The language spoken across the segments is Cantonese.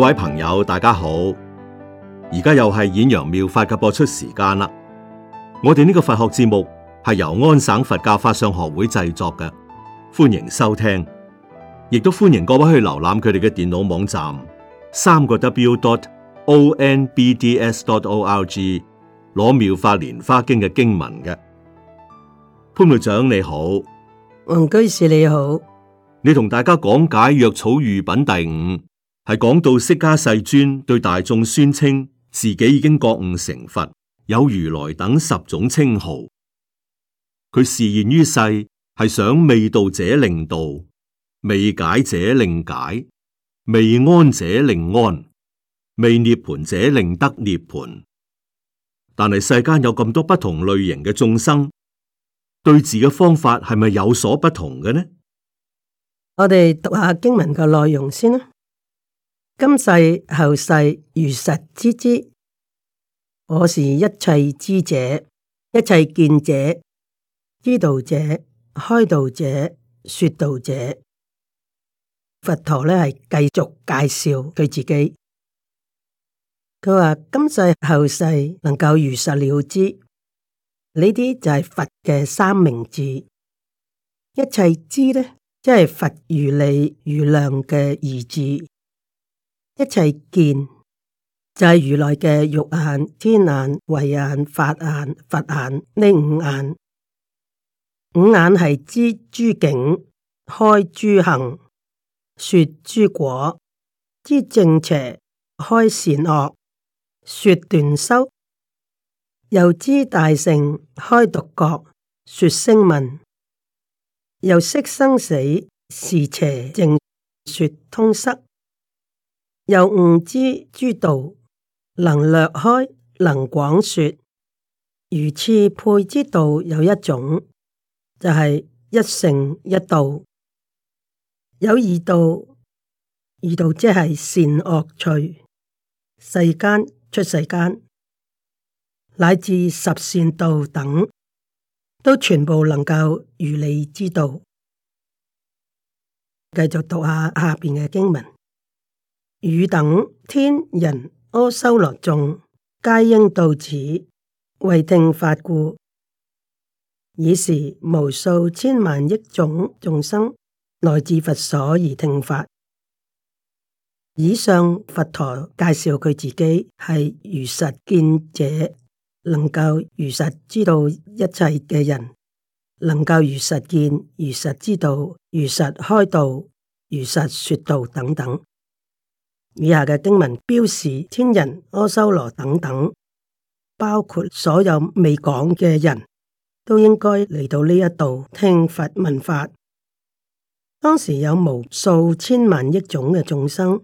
各位朋友，大家好！而家又係演揚妙法嘅播出時間啦。我哋呢個佛學節目係由安省佛教法相學會製作嘅，歡迎收聽，亦都歡迎各位去瀏覽佢哋嘅電腦網站三個 W dot O N B D S dot O R G，攞妙法蓮花經嘅經文嘅。潘會長你好，王居士你好，你同大家講解藥草喻品第五。係講到釋迦世尊對大眾宣稱自己已經覺悟成佛，有如來等十種稱號。佢示現於世，係想未度者令度，未解者令解，未安者令安，未涅槃者令得涅槃。但係世間有咁多不同類型嘅眾生，對治嘅方法係咪有所不同嘅呢？我哋讀下經文嘅內容先啦。今世後世如實知之，之，我是一切知者、一切見者、知道者、開道者、說道者。佛陀呢係繼續介紹佢自己，佢話今世後世能夠如實了知，呢啲就係佛嘅三明智。一切知呢，即係佛如理如量嘅二智。一切見就係、是、如來嘅肉眼、天眼、慧眼、法眼、佛眼呢五眼。五眼係知諸境、開諸行、說諸果；知正邪、開善惡、說斷修；又知大乘、開獨覺、說聲聞；又識生死是邪正，說通塞。又悟知諸道，能略開，能廣說。如此配諸道有一種，就係、是、一乘一道。有二道，二道即係善惡趣、世間出世間，乃至十善道等，都全部能夠如你知道。繼續讀下下邊嘅經文。汝等天人阿修羅眾，皆應到此，為聽法故。已是無數千萬億種眾生來自佛所而聽法。以上佛陀介紹佢自己係如實見者，能夠如實知道一切嘅人，能夠如實見、如實知道、如實開道、如實說道等等。以下嘅經文標示天人、阿修羅等等，包括所有未講嘅人，都應該嚟到呢一度聽佛問法。當時有無數千萬億種嘅眾生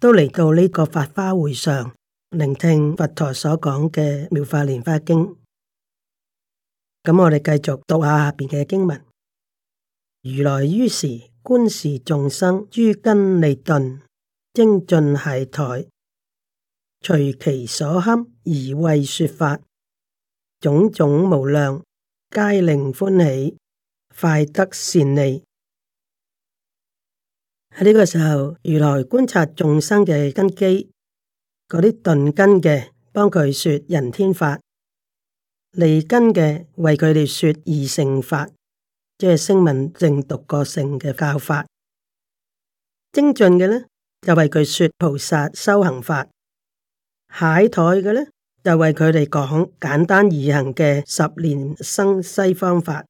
都嚟到呢個法華會上聆聽佛陀所講嘅妙法蓮華經。咁我哋繼續讀下下邊嘅經文：如來於時觀是眾生，諸根利鈍。精進係台，隨其所堪而為說法，種種無量皆令歡喜，快得善利。喺呢個時候，如來觀察眾生嘅根基，嗰啲鈍根嘅幫佢說人天法，利根嘅為佢哋說二乘法，即係聲聞正讀個乘嘅教法。精進嘅呢。就為佢說菩薩修行法，矮台嘅呢，就為佢哋講簡單易行嘅十念生西方法。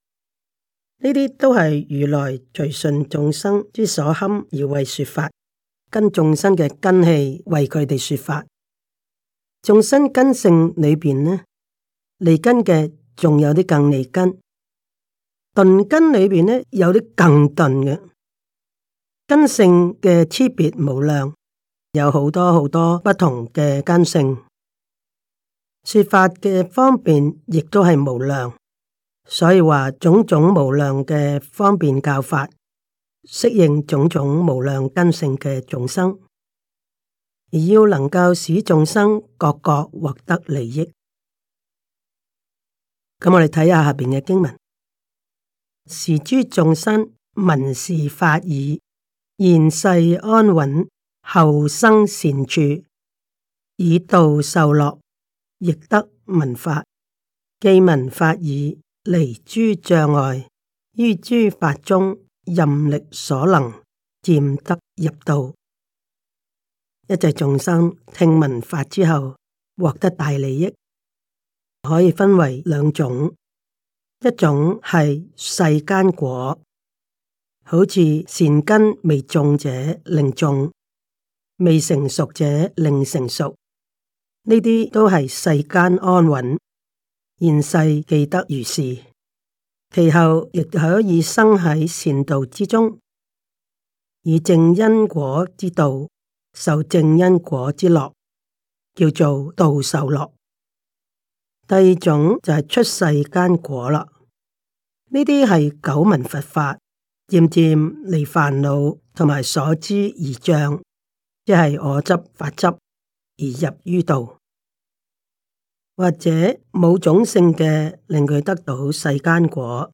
呢啲都係如來隨順眾生之所堪而為說法，跟眾生嘅根器為佢哋說法。眾生根性裏邊呢，利根嘅仲有啲更利根，鈍根裏面呢，有啲更鈍嘅。根性嘅區別無量，有好多好多不同嘅根性，說法嘅方便亦都係無量，所以話種種無量嘅方便教法，適應種種無量根性嘅眾生，而要能夠使眾生各各獲得利益。咁我哋睇下下面嘅經文，是諸眾生聞是法已。現世安穩，後生善處，以道受樂，亦得聞法。既聞法已，離諸障礙，於諸法中任力所能，漸得入道。一切眾生聽聞法之後，獲得大利益，可以分為兩種：一種係世間果。好似善根未種者令種，未成熟者令成熟，呢啲都係世間安穩。現世既得如是，其後亦可以生喺善道之中，以正因果之道受正因果之樂，叫做道受樂。第二種就係出世間果啦，呢啲係九文佛法。漸漸離煩惱同埋所知而障，即係我執法執而入於道，或者冇種性嘅，令佢得到世間果，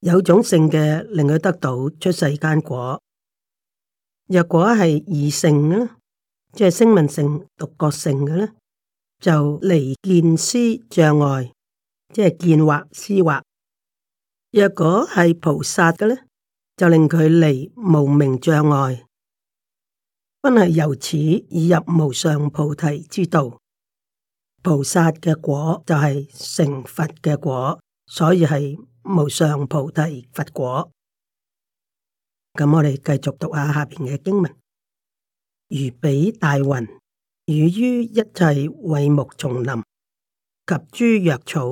有種性嘅，令佢得到出世間果。若果係二性嘅，即係聲聞性、獨覺性嘅咧，就離見思障礙，即係見惑、思惑。若果係菩薩嘅咧。就令佢離無明障礙，均係由此而入無上菩提之道。菩薩嘅果就係成佛嘅果，所以係無上菩提佛果。咁我哋繼續讀下下邊嘅經文：如彼大雲，雨於一切卉木叢林及諸藥草，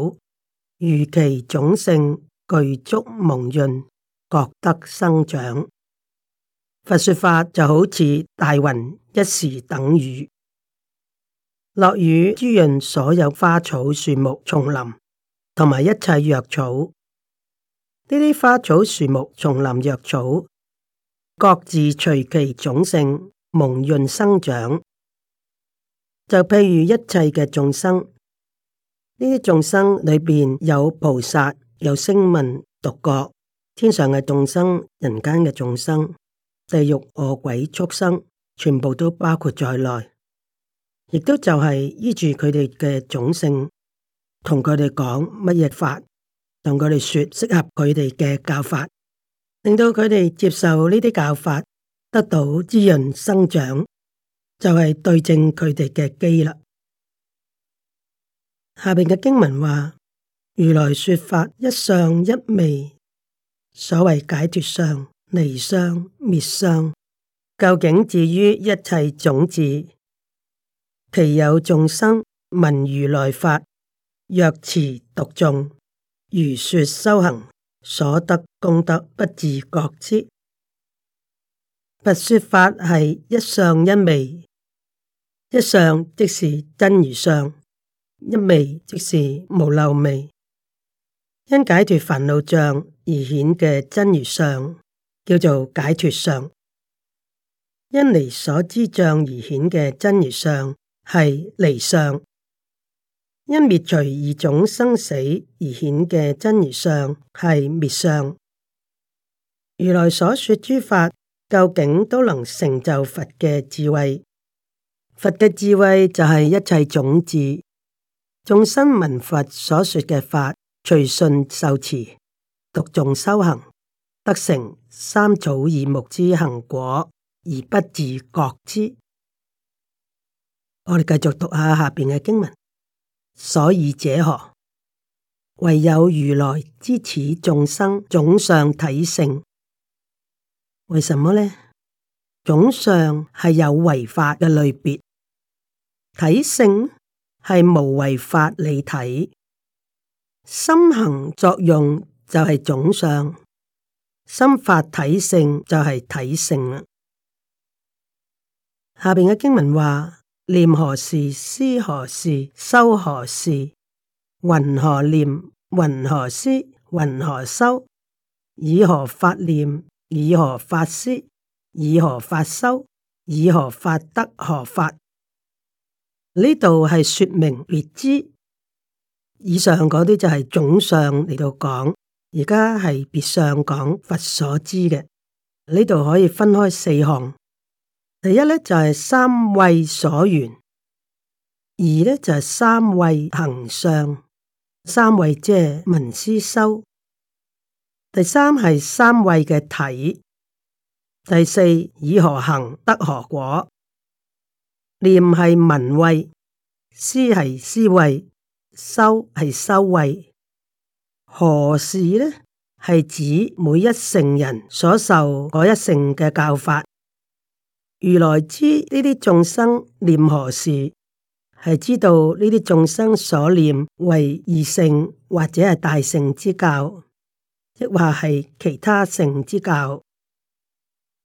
如其種性具足蒙潤。各得生長，佛說法就好似大雲一時等雨，落雨滋潤所有花草樹木、叢林同埋一切藥草。呢啲花草樹木、叢林藥草各自隨其種性蒙潤生長，就譬如一切嘅眾生。呢啲眾生裏面有菩薩，有聲聞獨覺。天上嘅眾生、人間嘅眾生、地獄餓鬼畜生，全部都包括在內，亦都就係依住佢哋嘅種性，同佢哋講乜嘢法，同佢哋說適合佢哋嘅教法，令到佢哋接受呢啲教法，得到滋潤生長，就係、是、對正佢哋嘅機啦。下邊嘅經文話：如來說法一上一味。」所謂解脱相、離相、滅相，究竟至於一切種子，其有眾生聞如來法，若持讀誦，如說修行，所得功德不自覺知。佛說法係一相一味，一相即是真如相，一味即是無漏味。因解脫煩惱障而顯嘅真如相，叫做解脱相；因離所知障而顯嘅真如相，係離相；因滅除二種生死而顯嘅真如相，係滅相。如來所說諸法，究竟都能成就佛嘅智慧。佛嘅智慧就係一切種智，眾生聞佛所說嘅法。隨順受持，獨眾修行，得成三草二木之行果，而不自覺之。我哋繼續讀下下邊嘅經文。所以者何？唯有如來知此，眾生總相體性。為什麼呢？總相係有為法嘅類別，體性係無為法理體。心行作用就係總相，心法體性就係體性啦。下邊嘅經文話：念何事？思何事？修何事？云何念？云何思？云何修？以何法念？以何法思？以何法修？以何法得何法？呢度係說明略知。以上嗰啲就係總相嚟到講，而家係別相講佛所知嘅呢度可以分開四項。第一咧就係三慧所緣，二咧就係三慧行相，三慧即係聞思修。第三係三慧嘅體，第四以何行得何果？念係聞慧，思係思慧。修係修慧，何事呢？係指每一乘人所受嗰一乘嘅教法。如來知呢啲眾生念何事，係知道呢啲眾生所念為二乘或者係大乘之教，抑或係其他乘之教。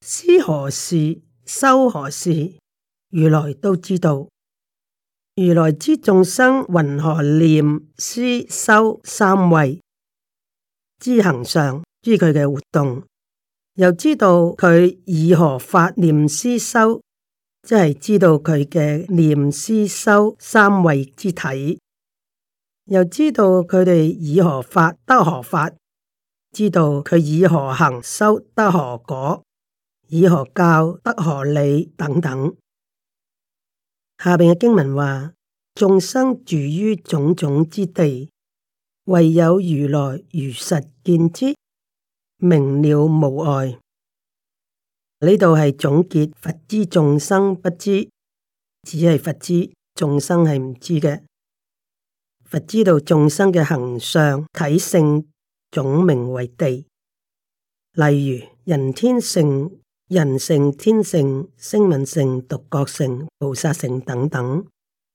思何事，修何事，如來都知道。如來之眾生云何念、思、修三慧之行上，知佢嘅活動，又知道佢以何法念、思、修，即係知道佢嘅念、思、修三慧之體，又知道佢哋以何法得何法，知道佢以何行修得何果，以何教得何理等等。下面嘅經文話：眾生住於種種之地，唯有如來如實見之，明了無礙。呢度係總結佛知眾生不知，只係佛知眾生係唔知嘅。佛知道眾生嘅行相體性總名為地，例如人天性。人性、天性、聲聞性、獨覺性、菩薩性等等，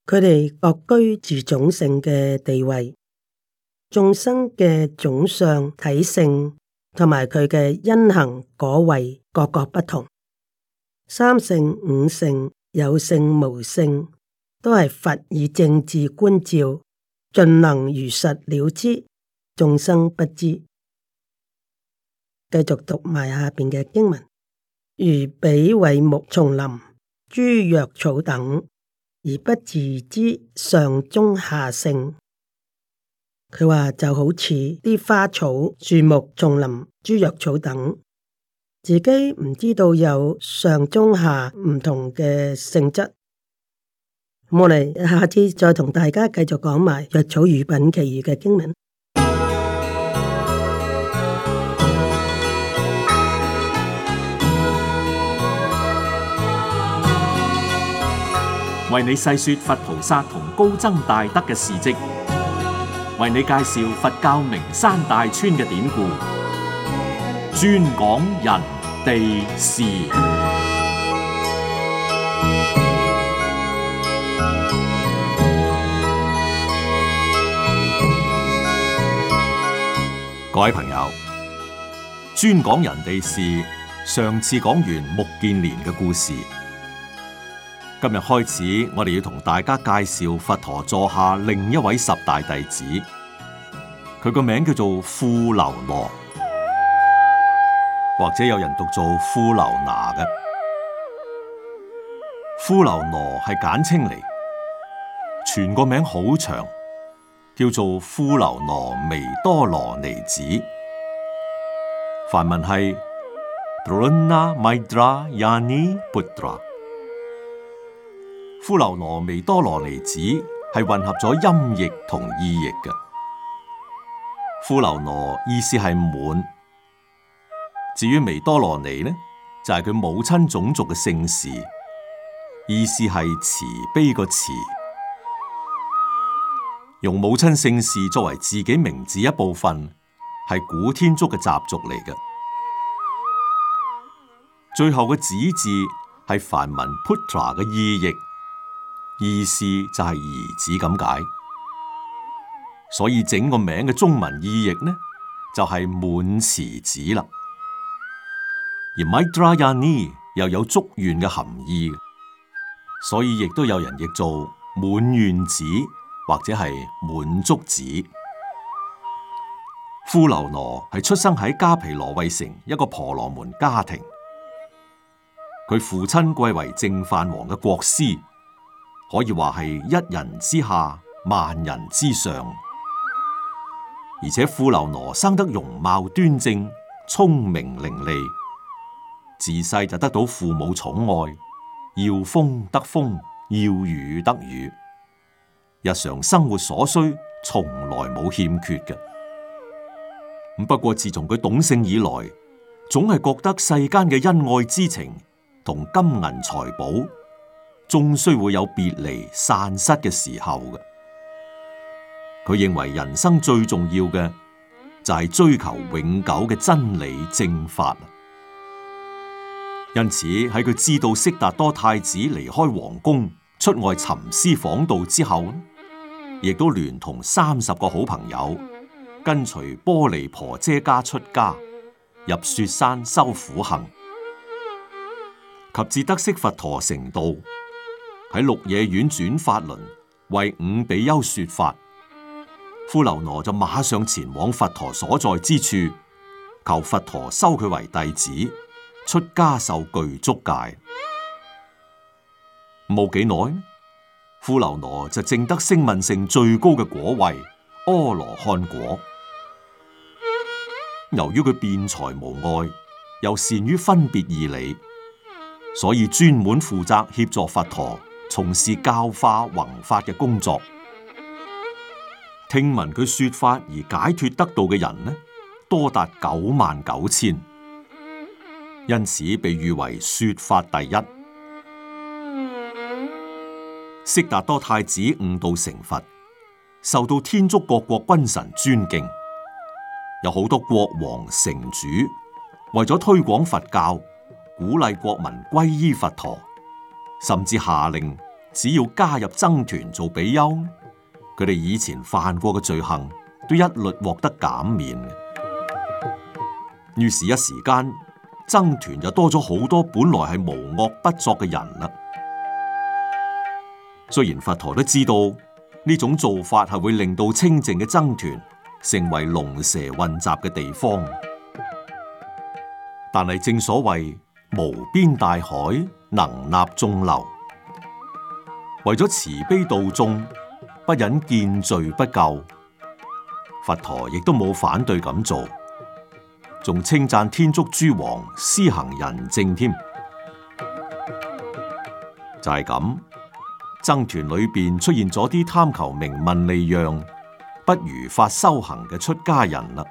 佢哋各居住種性嘅地位，眾生嘅種相體性同埋佢嘅因行果位，各各不同。三性、五性、有性、無性，都係佛以正智觀照，盡能如實了知。眾生不知。繼續讀埋下邊嘅經文。如比為木叢林、諸藥草等，而不自知上中下性。佢話就好似啲花草、樹木、叢林、諸藥草等，自己唔知道有上中下唔同嘅性質。我哋下次再同大家繼續講埋藥草喻品其餘嘅經文。為你細說佛菩薩同高僧大德嘅事跡，為你介紹佛教名山大川嘅典故，專講人哋事。各位朋友，專講人哋事。上次講完目犍連嘅故事。今日開始，我哋要同大家介紹佛陀座下另一位十大弟子，佢個名叫做富樓那，或者有人讀做富樓拿嘅。富樓那係簡稱嚟，全個名好長，叫做富樓那彌多羅尼子。梵文係 Purna Maitrayaniputra。富樓那彌多羅尼子係混合咗音譯同意譯嘅。富樓那意思係滿，至於彌多羅尼呢，就係佢母親種族嘅姓氏，意思係慈悲個慈。用母親姓氏作為自己名字一部分，係古天竺嘅習俗嚟嘅。最後嘅子字係梵文 putra 嘅意譯。意思就係兒子咁解，所以整個名嘅中文意譯呢，就係滿慈子啦。而 Maitrayani 又有足願嘅含義，所以亦都有人譯做滿願子或者係滿足子。富樓那係出生喺加皮羅衛城一個婆羅門家庭，佢父親貴為淨飯王嘅國師。可以話係一人之下，萬人之上。而且富樓那生得容貌端正，聰明伶俐，自細就得到父母寵愛，要風得風，要雨得雨，日常生活所需從來冇欠缺嘅。不過自從佢懂性以來，總係覺得世間嘅恩愛之情同金銀財寶。終須會有別離散失嘅時候嘅。佢認為人生最重要嘅就係追求永久嘅真理正法。因此喺佢知道悉達多太子離開皇宮出外尋師訪道之後，亦都聯同三十個好朋友跟隨波離婆姐家出家入雪山修苦行，及至得悉佛陀成道。喺鹿野苑轉法輪，為五比丘說法。富樓那就馬上前往佛陀所在之處，求佛陀收佢為弟子，出家受具足戒。冇幾耐，富樓那就證得聲聞乘最高嘅果位——阿羅漢果。由於佢辯才無礙，又善於分別義理，所以專門負責協助佛陀。從事教化弘法嘅工作。聽聞佢說法而解脱得道嘅人呢，多達九萬九千，因此被譽為說法第一。悉達 多太子悟道成佛，受到天竺各國君臣尊敬，有好多國王、城主為咗推廣佛教，鼓勵國民皈依佛陀。甚至下令，只要加入僧團做比丘，佢哋以前犯過嘅罪行都一律獲得減免。於是，一時間僧團就多咗好多本來係無惡不作嘅人啦。雖然佛陀都知道呢種做法係會令到清淨嘅僧團成為龍蛇混雜嘅地方，但係正所謂，無邊大海能納眾流，為咗慈悲度眾，不忍見罪不救，佛陀亦都冇反對咁做，仲稱讚天竺諸王施行仁政添。就係、是、咁，僧團裏邊出現咗啲貪求名聞利養，不如法修行嘅出家人啦。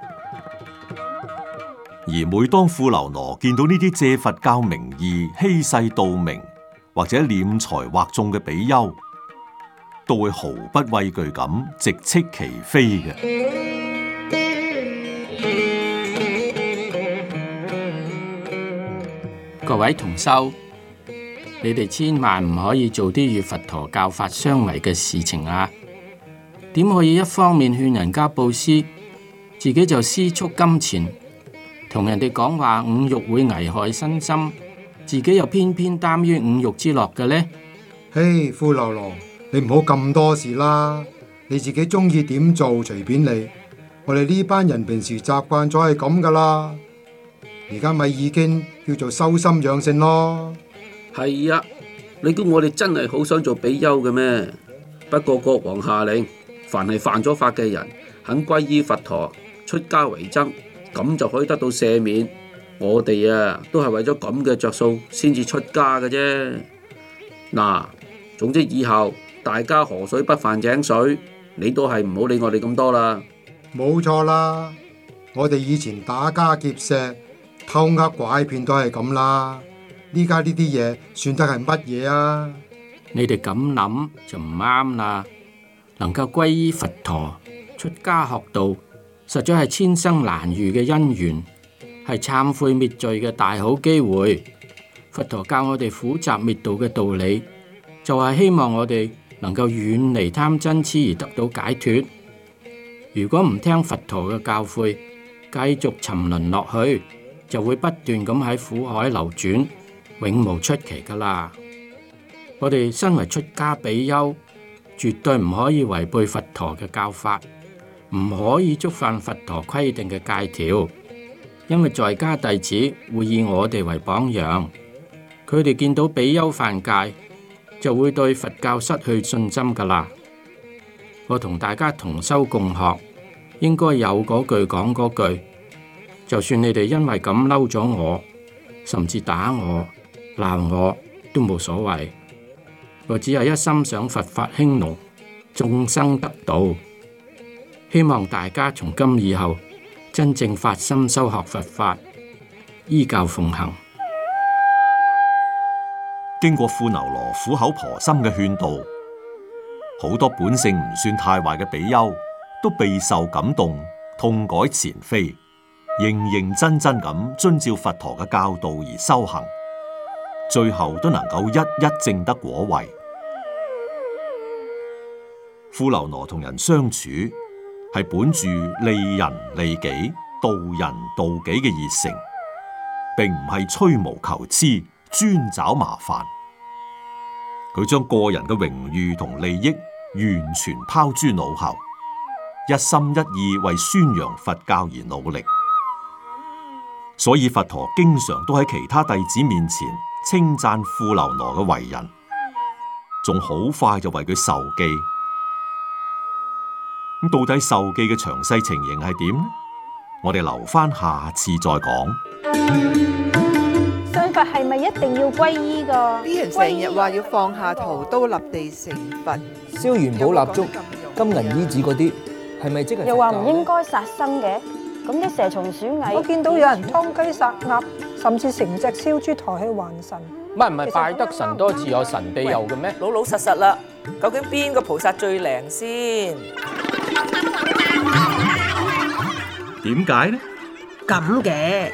而每當富樓那見到呢啲借佛教名義欺世盜名或者斂財惑眾嘅比丘，都會毫不畏懼咁直斥其非嘅。各位同修，你哋千萬唔可以做啲與佛陀教法相違嘅事情啊！點可以一方面勸人家布施，自己就私蓄金錢？同人哋講話五欲會危害身心，自己又偏偏耽於五欲之樂嘅呢。嘿，hey，富樓那，你唔好咁多事啦，你自己中意點做隨便你。我哋呢班人平時習慣咗係咁噶啦，而家咪已經叫做修心養性咯。係啊，你估我哋真係好想做比丘嘅咩？不過國王下令，凡係犯咗法嘅人，肯歸依佛陀，出家為僧。咁就可以得到赦免，我哋啊都係為咗咁嘅着數先至出家嘅啫。嗱，總之以後大家河水不犯井水，你都係唔好理我哋咁多啦。冇錯啦，我哋以前打家劫舍、偷呃拐騙都係咁啦，呢家呢啲嘢算得係乜嘢啊？你哋咁諗就唔啱啦，能夠歸依佛陀，出家學道。實在係千生難遇嘅因緣，係懺悔滅罪嘅大好機會。佛陀教我哋苦集滅道嘅道理，就係希望我哋能夠遠離貪嗔痴而得到解脫。如果唔聽佛陀嘅教誨，繼續沉淪落去，就會不斷咁喺苦海流轉，永無出期噶啦。我哋身為出家比丘，絕對唔可以違背佛陀嘅教法。唔可以觸犯佛陀規定嘅戒條，因為在家弟子會以我哋為榜樣，佢哋見到比丘犯戒，就會對佛教失去信心噶啦。我同大家同修共學，應該有嗰句講嗰句，就算你哋因為咁嬲咗我，甚至打我、鬧我都冇所謂，我只係一心想佛法興隆，眾生得道。希望大家從今以後，真正發心修學佛法，依教奉行。經過富樓那苦口婆心嘅勸導，好多本性唔算太壞嘅比丘都備受感動，痛改前非，認認真真咁遵照佛陀嘅教導而修行，最後都能夠一一證得果位。富樓那同人相處，係本住利人利己、度人度己嘅熱誠，並唔係吹毛求疵、專找麻煩。佢將個人嘅榮譽同利益完全拋諸腦後，一心一意為宣揚佛教而努力。所以佛陀經常都喺其他弟子面前稱讚富樓那嘅為人，仲好快就為佢授記。咁到底受記嘅詳細情形係點？我哋留翻下，下次再講。信佛係咪一定要皈依噶？啲人成日話要放下屠刀依立地成佛，燒元寶蠟燭、有有金銀衣紙嗰啲，係咪、嗯、即係？又話唔應該殺生嘅，咁啲、嗯、蛇蟲鼠蟻，我見到有人劏雞殺鴨，甚至成隻燒豬抬去還神。唔係唔係，拜得神多似有神庇佑嘅咩？喂老老實實啦，究竟邊個菩薩最靈先？點解呢？咁嘅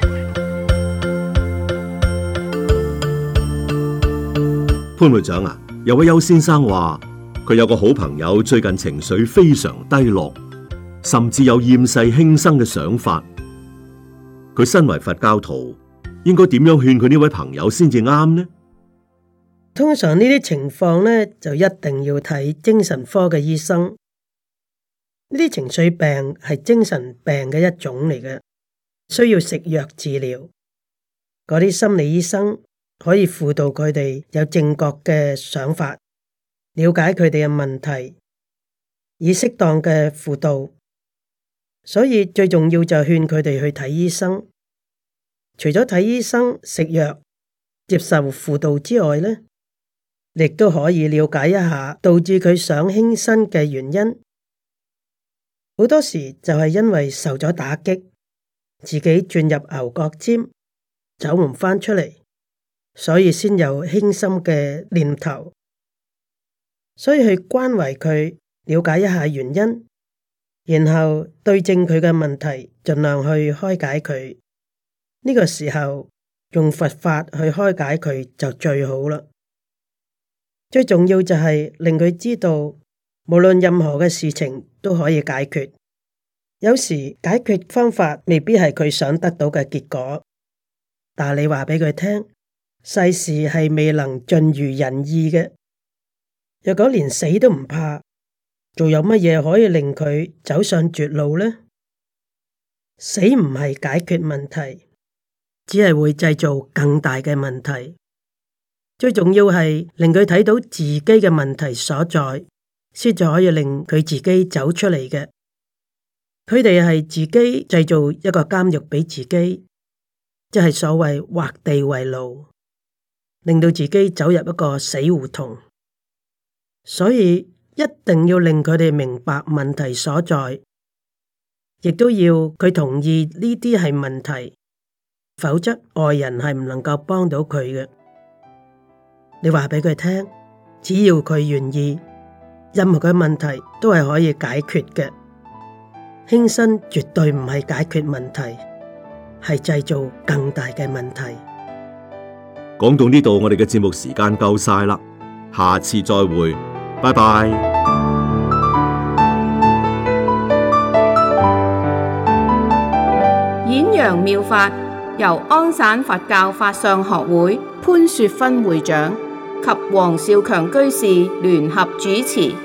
潘會長啊，有位邱先生話佢有個好朋友最近情緒非常低落，甚至有厭世輕生嘅想法。佢身為佛教徒，應該點樣勸佢呢位朋友先至啱呢？通常呢啲情況呢，就一定要睇精神科嘅醫生。呢啲情緒病係精神病嘅一種嚟嘅，需要食藥治療。嗰啲心理醫生可以輔導佢哋有正確嘅想法，了解佢哋嘅問題，以適當嘅輔導。所以最重要就係勸佢哋去睇醫生。除咗睇醫生食藥、接受輔導之外呢，呢亦都可以了解一下導致佢想輕生嘅原因。好多時就係因為受咗打擊，自己鑽入牛角尖，走唔返出嚟，所以先有輕生嘅念頭。所以去關懷佢，了解一下原因，然後對正佢嘅問題，盡量去開解佢。呢、這個時候用佛法去開解佢就最好啦。最重要就係令佢知道。無論任何嘅事情都可以解決，有時解決方法未必係佢想得到嘅結果。但你話俾佢聽，世事係未能盡如人意嘅。若果連死都唔怕，仲有乜嘢可以令佢走上絕路呢？死唔係解決問題，只係會製造更大嘅問題。最重要係令佢睇到自己嘅問題所在。先就可以令佢自己走出嚟嘅。佢哋係自己製造一個監獄俾自己，即係所謂畫地為牢，令到自己走入一個死胡同。所以一定要令佢哋明白問題所在，亦都要佢同意呢啲係問題，否則外人係唔能夠幫到佢嘅。你話俾佢聽，只要佢願意。任何嘅問題都係可以解決嘅，輕生絕對唔係解決問題，係製造更大嘅問題。講到呢度，我哋嘅節目時間夠晒啦，下次再會，拜拜。演揚妙法，由安省佛教法相學會潘雪芬會長及黃少強居士聯合主持。